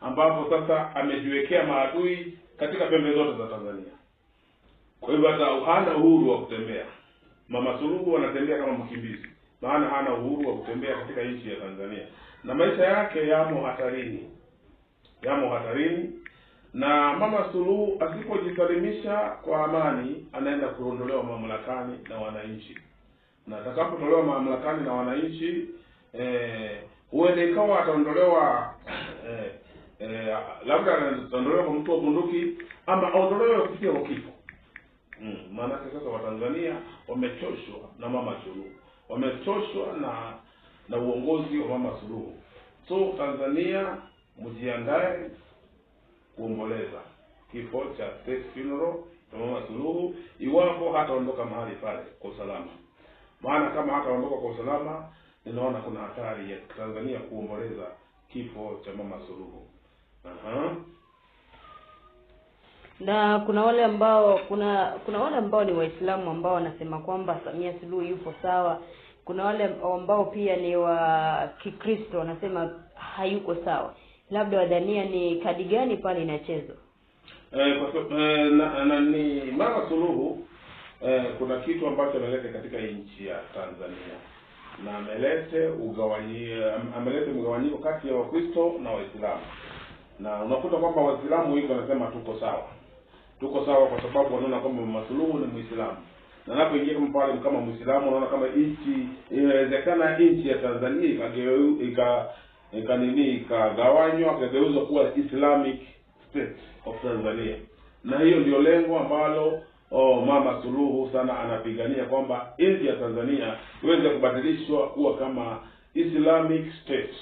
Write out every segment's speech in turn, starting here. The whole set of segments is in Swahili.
ambapo sasa amejiwekea maadui katika pembe zote za Tanzania. Kwa hivyo hata hana uhuru wa kutembea. Mama Suluhu anatembea kama mkimbizi, maana hana uhuru wa kutembea katika nchi ya Tanzania, na maisha yake yamo hatarini, yamo hatarini. Na Mama Suluhu asipojisalimisha kwa amani, anaenda kuondolewa mamlakani na wananchi, na atakapotolewa mamlakani na wananchi, eh, ikawa ataondolewa eh, eh, labda anaondolewa kwa mtu wa bunduki ama aondolewe kufikia kwa kifo mm. Maanake sasa Watanzania wamechoshwa na Mama Suluhu, wamechoshwa na na uongozi wa Mama Suluhu. So Tanzania mjiandae kuomboleza kifo cha state funeral cha Mama Suluhu iwapo hataondoka mahali pale kwa usalama, maana kama hataondoka kwa usalama, ninaona kuna hatari ya Tanzania kuomboleza kifo cha Mama Suluhu. Na kuna wale ambao kuna kuna wale ambao ni Waislamu ambao wanasema kwamba Samia Suluhu yupo sawa. Kuna wale ambao pia ni wa Kikristo wanasema hayuko sawa. Labda wadhania ni kadi gani pale inachezwa? Eh, kwa eh, na, ni Mama Suluhu eh, kuna kitu ambacho amelete katika nchi ya Tanzania na amelete ugawanyiko, eh, amelete mgawanyiko kati ya Wakristo na Waislamu na unakuta kwamba waislamu wengi wanasema tuko sawa tuko sawa kwa sababu wanaona kwamba masuluhu ni mwislamu na napoingia kama pale kama mwislamu unaona kama nchi inawezekana nchi ya tanzania ikageu ika ikagawanywa kageuzwa kuwa islamic state of tanzania na hiyo ndio lengo ambalo oh, mama suluhu sana anapigania kwamba nchi ya tanzania iweze kubadilishwa kuwa kama islamic state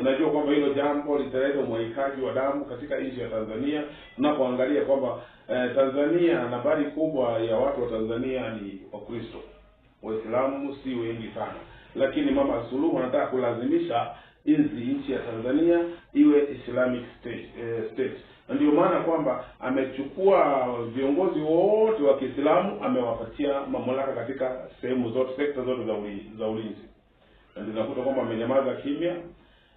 unajua kwamba hilo jambo litaleta umwagikaji wa damu katika nchi ya Tanzania, tunapoangalia kwamba eh, Tanzania na kubwa ya watu wa Tanzania ni Wakristo, Waislamu si wengi sana, lakini Mama Suluhu anataka kulazimisha hizi nchi ya Tanzania iwe Islamic state, eh, state. Ndio maana kwamba amechukua viongozi wote wa Kiislamu amewapatia mamlaka katika sehemu zote, sekta zote za ulinzi, za ulinzi, na ndio nakuta kwamba amenyamaza kimya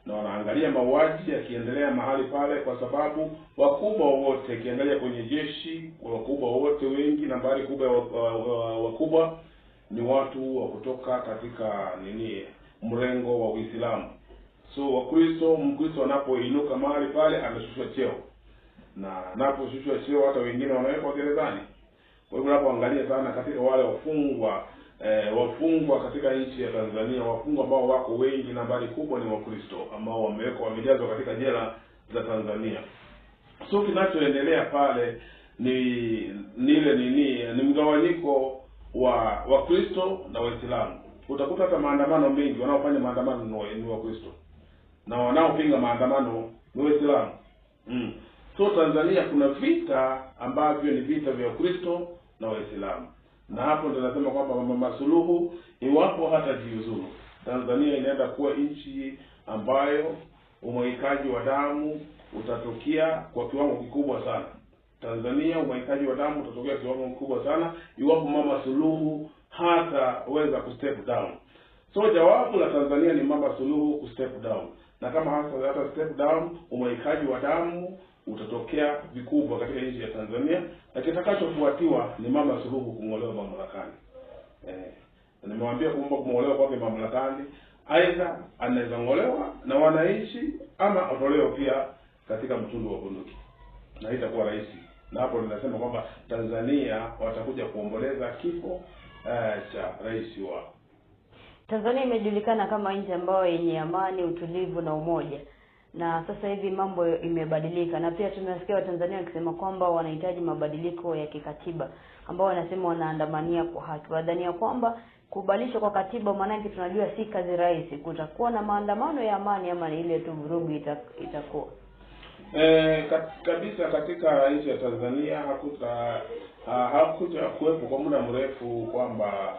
na wanaangalia mauaji yakiendelea mahali pale, kwa sababu wakubwa wote, akiangalia kwenye jeshi, wakubwa wote wengi, nambari kubwa wakubwa ni watu wa kutoka katika nini, mrengo wa Uislamu. So Wakristo, Mkristo anapoinuka mahali pale ameshushwa cheo, na anaposhushwa cheo hata wengine wanawekwa gerezani. Kwa hivyo unapoangalia sana katika wale wafungwa eh, wafungwa katika nchi ya Tanzania, wafungwa ambao wako wengi, nambari kubwa ni Wakristo ambao wamewekwa wamejazwa katika jela za Tanzania. So kinachoendelea pale ni nile nini, ni mgawanyiko wa Wakristo na Waislamu. Utakuta hata maandamano mengi, wanaofanya maandamano ni Wakristo na wanaopinga maandamano ni Waislamu mm. So Tanzania kuna vita ambavyo ni vita vya Wakristo na Waislamu na hapo ndo nasema kwamba Mama Suluhu iwapo hata jiuzuru, Tanzania inaenda kuwa nchi ambayo umwagikaji wa damu utatokea kwa kiwango kikubwa sana. Tanzania umwagikaji wa damu utatokea kiwango kikubwa sana iwapo Mama Suluhu hataweza kustep down. So jawabu la Tanzania ni Mama Suluhu kustep down, na kama hata step down umwagikaji wa damu utatokea vikubwa katika nchi ya Tanzania na kitakachofuatiwa ni Mama Suluhu kung'olewa mamlakani. Eh, nimewaambia kwamba kung'olewa kwake mamlakani, aidha anaweza ng'olewa na wananchi ama atolewa pia katika mtundu wa bunduki, na itakuwa rahisi. Na hapo ninasema kwamba Tanzania watakuja kuomboleza kifo eh, cha rais wao. Tanzania imejulikana kama nchi ambayo yenye amani, utulivu na umoja na sasa hivi mambo imebadilika, na pia tumewasikia Watanzania wakisema kwamba wanahitaji mabadiliko ya kikatiba, ambao wanasema wanaandamania kwa haki, wadhania kwamba kubalishwa kwa katiba, maanake tunajua si kazi rahisi, kutakuwa na maandamano ya amani ama ile tu vurugu itakuwa E, kat, kabisa katika nchi ya Tanzania hakuta hakuja kuwepo kwa muda mrefu kwamba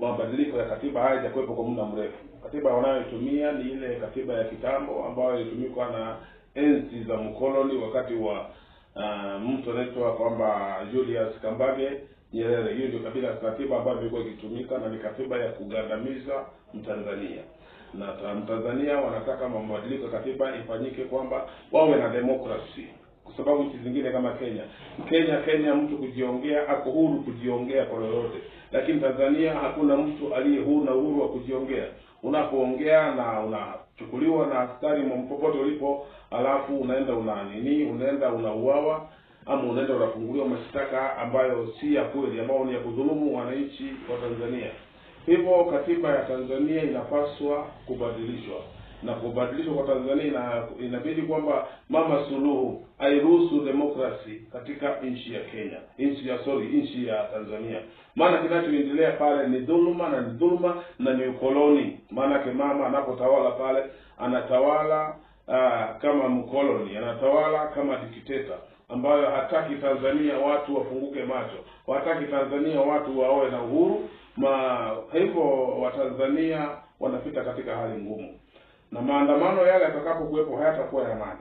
mabadiliko ya katiba hayajakuwepo kwa muda mrefu katiba wanayotumia ni ile katiba ya kitambo ambayo ilitumikwa na enzi za mkoloni wakati wa uh, mtu anaitwa kwamba Julius Kambage Nyerere. Hiyo ndio kabila katiba ambayo ilikuwa ikitumika na ni katiba ya kugandamiza Mtanzania na Mtanzania wanataka mabadiliko ya katiba ifanyike kwamba wawe na demokrasi, kwa sababu nchi zingine kama Kenya Kenya Kenya mtu kujiongea, ako huru kujiongea kwa lolote, lakini Tanzania hakuna mtu aliye huru na uhuru wa kujiongea unapoongea na unachukuliwa na askari popote ulipo, alafu unaenda una nini, unaenda unauawa ama unaenda unafunguliwa mashtaka ambayo si ya kweli, ambayo ni ya kudhulumu wananchi wa Tanzania. Hivyo katiba ya Tanzania inapaswa kubadilishwa na kubadilishwa kwa Tanzania ina, inabidi kwamba Mama Suluhu airuhusu demokrasi katika nchi ya Kenya, nchi ya sorry, nchi ya Tanzania, maana kinachoendelea pale ni dhuluma na ni dhuluma na ni ukoloni. Maanake mama anapotawala pale anatawala uh, kama mkoloni, anatawala kama dikteta ambayo hataki Tanzania watu wafunguke macho, hataki Tanzania watu wawe na uhuru. Ma hivyo Watanzania wanapita katika hali ngumu na maandamano yale yatakapokuwepo hayatakuwa ya amani,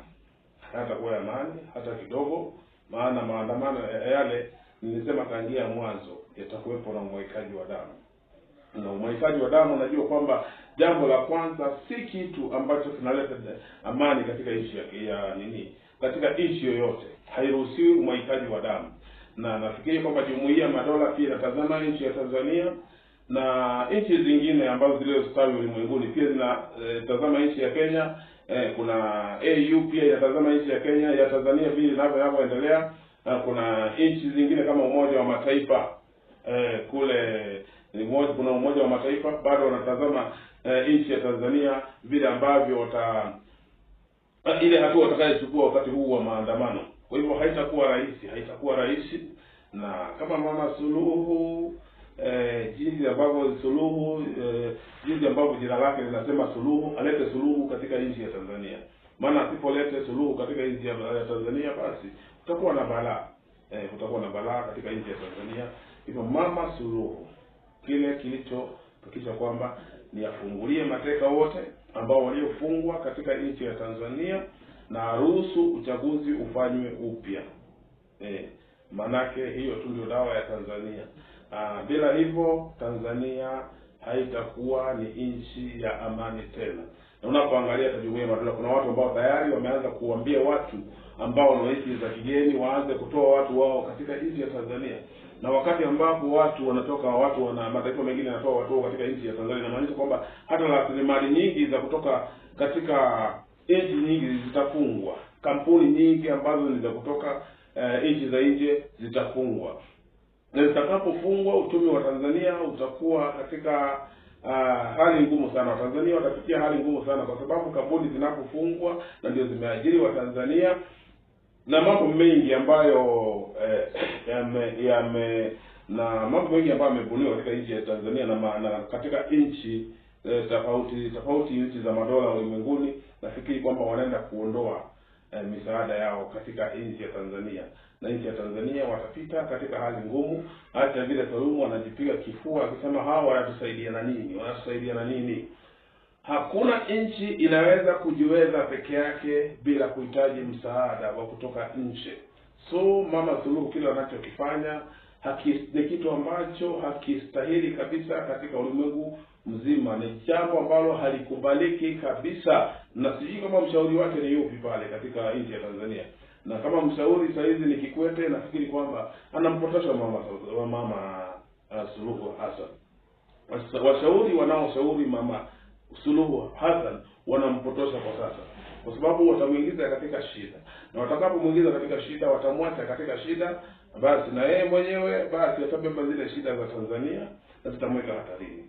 hayatakuwa ya amani hata kidogo. Maana maandamano yale nilisema tangia mwanzo yatakuwepo na umwagikaji wa damu na umwagikaji wa damu. Unajua kwamba jambo la kwanza si kitu ambacho kinaleta amani katika nchi ya, ya nini, katika nchi yoyote hairuhusiwi umwagikaji wa damu, na nafikiri kwamba jumuiya madola pia inatazama nchi ya Tanzania na nchi zingine ambazo zilizostawi ulimwenguni pia zinatazama eh, e, nchi ya Kenya e, kuna AU pia inatazama nchi ya Kenya ya Tanzania vile inavyo inavyoendelea, na kuna nchi zingine kama Umoja wa Mataifa e, kule umoja, kuna Umoja wa Mataifa bado wanatazama e, nchi ya Tanzania vile ambavyo wata ile hatua watakayochukua wakati huu wa maandamano. Kwa hivyo haitakuwa rahisi, haitakuwa rahisi na kama Mama Suluhu eh, jinsi ambavyo Suluhu eh, jinsi ambavyo jina lake linasema Suluhu, alete suluhu katika nchi ya Tanzania, maana asipolete suluhu katika nchi ya Tanzania basi utakuwa na balaa eh, utakuwa na balaa katika nchi ya Tanzania. Hivyo mama Suluhu, kile kilichopikisha kwamba ni afungulie mateka wote ambao waliofungwa katika nchi ya Tanzania na aruhusu uchaguzi ufanywe upya eh, manake hiyo tu ndio dawa ya Tanzania. Aa, ah, bila hivyo Tanzania haitakuwa ni nchi ya amani tena. Na unapoangalia ya madola, kuna watu ambao tayari wameanza kuambia watu ambao wanaishi za kigeni waanze kutoa watu wao katika nchi ya Tanzania, na wakati ambapo watu wanatoka watu wana mataifa mengine yanatoa watu wao katika nchi ya Tanzania, inamaanisha kwamba hata rasilimali nyingi za kutoka katika nchi nyingi zitafungwa. Kampuni nyingi ambazo ni za kutoka uh, nchi za nje zitafungwa na zitakapofungwa uchumi wa Tanzania utakuwa katika uh, hali ngumu sana. Watanzania watapitia hali ngumu sana, kwa sababu kampuni zinapofungwa na ndio zimeajiri Watanzania na mambo mengi ambayo eh, yame, yame na mambo mengi ambayo yamebuniwa katika nchi ya Tanzania na, ma, na katika nchi eh, tofauti tofauti nchi za madola ulimwenguni, nafikiri kwamba wanaenda kuondoa Eh, misaada yao katika nchi ya Tanzania, na nchi ya Tanzania watapita katika hali ngumu. Hata vile Salum wanajipiga kifua akisema hawa wanatusaidia na nini, wanatusaidia na nini? Hakuna nchi inaweza kujiweza peke yake bila kuhitaji msaada wa kutoka nje. So mama Suluhu kile wanachokifanya haki, ni kitu ambacho hakistahili kabisa katika ulimwengu mzima, ni jambo ambalo halikubaliki kabisa, na sijui kama mshauri wake ni yupi pale katika nchi ya Tanzania na kama mshauri saa hizi ni Kikwete, nafikiri kwamba anampotosha mama wa mama uh, Suluhu Hassan. Washauri wanaoshauri mama Suluhu Hassan wanampotosha kwa sasa kwa sababu watamuingiza katika shida, na watakapomwingiza katika shida, watamwacha katika shida, basi na yeye mwenyewe basi atabeba zile shida za Tanzania na zitamweka hatarini.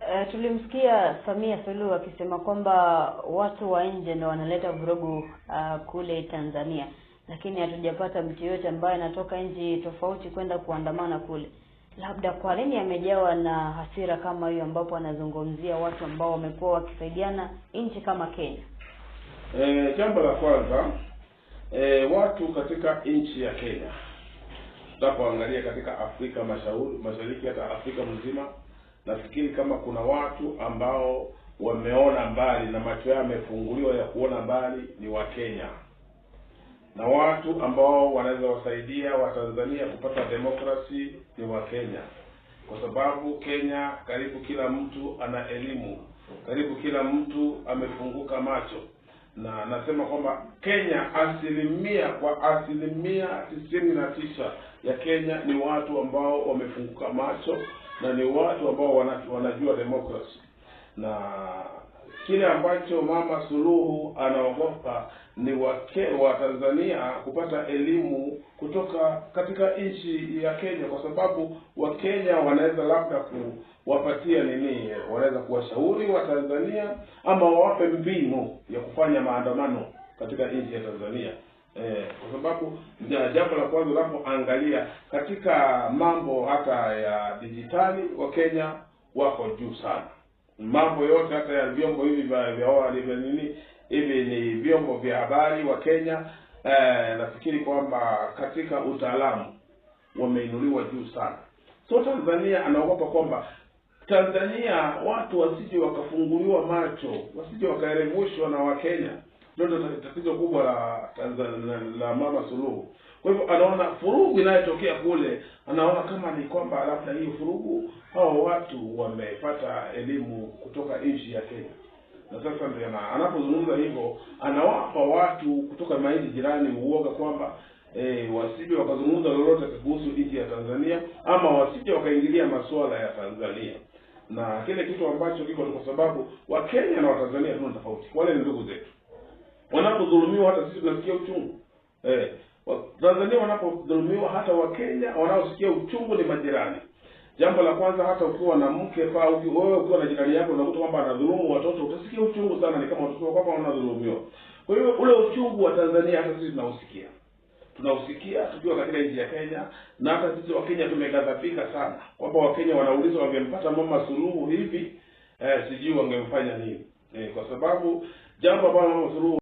Uh, tulimsikia Samia Suluhu akisema kwamba watu wa nje ndio wanaleta vurugu uh, kule Tanzania, lakini hatujapata mtu yoyote ambaye anatoka nchi tofauti kwenda kuandamana kule labda kwa nini amejawa na hasira kama hiyo ambapo anazungumzia watu ambao wamekuwa wakisaidiana nchi kama Kenya? E, jambo la kwanza e, watu katika nchi ya Kenya tunapoangalia katika Afrika mashauri, Mashariki hata Afrika mzima, nafikiri kama kuna watu ambao wameona mbali na macho yao yamefunguliwa ya kuona mbali ni Wakenya na watu ambao wanaweza wasaidia watanzania kupata demokrasi ni wakenya kwa sababu kenya karibu kila mtu ana elimu karibu kila mtu amefunguka macho na nasema kwamba kenya asilimia kwa asilimia tisini na tisa ya kenya ni watu ambao wamefunguka macho na ni watu ambao wanajua demokrasi na kile ambacho Mama Suluhu anaogopa ni wake wa Tanzania kupata elimu kutoka katika nchi ya Kenya, kwa sababu Wakenya wanaweza labda kuwapatia nini, wanaweza kuwashauri wa Tanzania ama wawape mbinu ya kufanya maandamano katika nchi ya Tanzania. Eh, kwa sababu jambo la kwanza unapoangalia katika mambo hata ya dijitali Wakenya wako juu sana mambo yote hata ya vyombo hivi vya nini hivi ni vyombo vya habari wa Kenya. Eh, nafikiri kwamba katika utaalamu wameinuliwa juu sana. So Tanzania anaogopa kwamba Tanzania watu wasije wakafunguliwa macho, wasije wakaerevushwa na Wakenya. Ndio tatizo kubwa la Tanzania la Mama Suluhu. Kwa hivyo anaona furugu inayotokea kule, anaona kama ni kwamba labda hiyo furugu, hao watu wamepata elimu kutoka nchi ya Kenya na sasa ndio anapozungumza hivyo, anawapa watu kutoka maiji jirani uoga kwamba e, wasije wakazungumza lolote kuhusu nchi ya Tanzania ama wasije wakaingilia masuala ya Tanzania na kile kitu ambacho kiko, kwa sababu Wakenya na Watanzania tuna tofauti, wale ni ndugu zetu. Wanapodhulumiwa hata sisi tunasikia uchungu eh, Tanzania wanapodhulumiwa, hata Wakenya wanaosikia uchungu ni majirani. Jambo la kwanza, hata ukiwa na mke au wewe ukiwa na jirani yako unakuta kwamba anadhulumu watoto, utasikia uchungu sana, ni kama watoto wako wanadhulumiwa. Kwa hiyo ule uchungu wa Tanzania hata sisi tunausikia, tunausikia tukiwa katika nchi ya Kenya, na hata sisi Wakenya tumeghadhabika sana kwamba Wakenya wanaulizwa wangempata Mama Suluhu hivi eh, sijui wangemfanya nini eh, kwa sababu jambo ambalo Mama Suluhu